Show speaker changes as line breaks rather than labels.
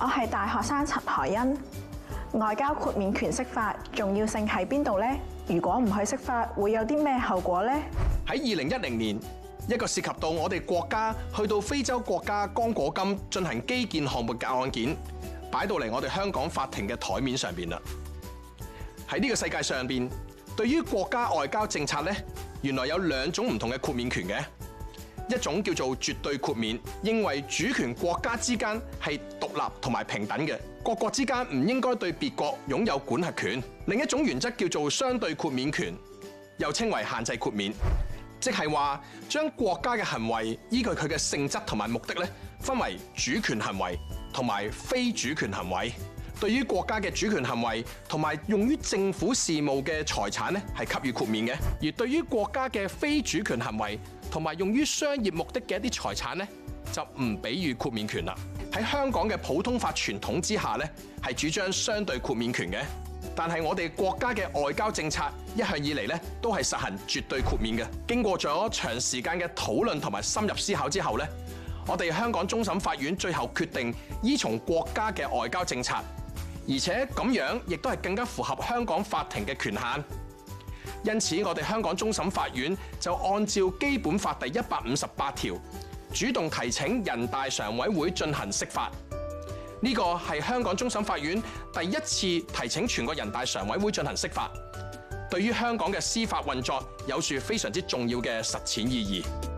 我係大學生陳愷茵。外交豁免權釋法重要性喺邊度呢？如果唔去釋法，會有啲咩後果呢？
喺二零一零年，一個涉及到我哋國家去到非洲國家剛果金進行基建項目嘅案件，擺到嚟我哋香港法庭嘅台面上邊啦。喺呢個世界上邊，對於國家外交政策呢，原來有兩種唔同嘅豁免權嘅，一種叫做絕對豁免，認為主權國家之間係立同埋平等嘅，各國之間唔應該對別國擁有管轄權。另一種原則叫做相對豁免權，又稱為限制豁免，即係話將國家嘅行為依據佢嘅性質同埋目的咧，分為主權行為同埋非主權行為。對於國家嘅主權行為同埋用於政府事務嘅財產咧，係給予豁免嘅；而對於國家嘅非主權行為同埋用於商業目的嘅一啲財產咧，就唔俾予豁免權啦。喺香港嘅普通法傳統之下咧，係主張相對豁免權嘅。但係我哋國家嘅外交政策一向以嚟咧，都係實行絕對豁免嘅。經過咗長時間嘅討論同埋深入思考之後咧，我哋香港終審法院最後決定依從國家嘅外交政策，而且咁樣亦都係更加符合香港法庭嘅權限。因此，我哋香港終審法院就按照《基本法》第一百五十八條。主動提請人大常委會進行釋法，呢、這個係香港終審法院第一次提請全國人大常委會進行釋法，對於香港嘅司法運作有住非常之重要嘅實踐意義。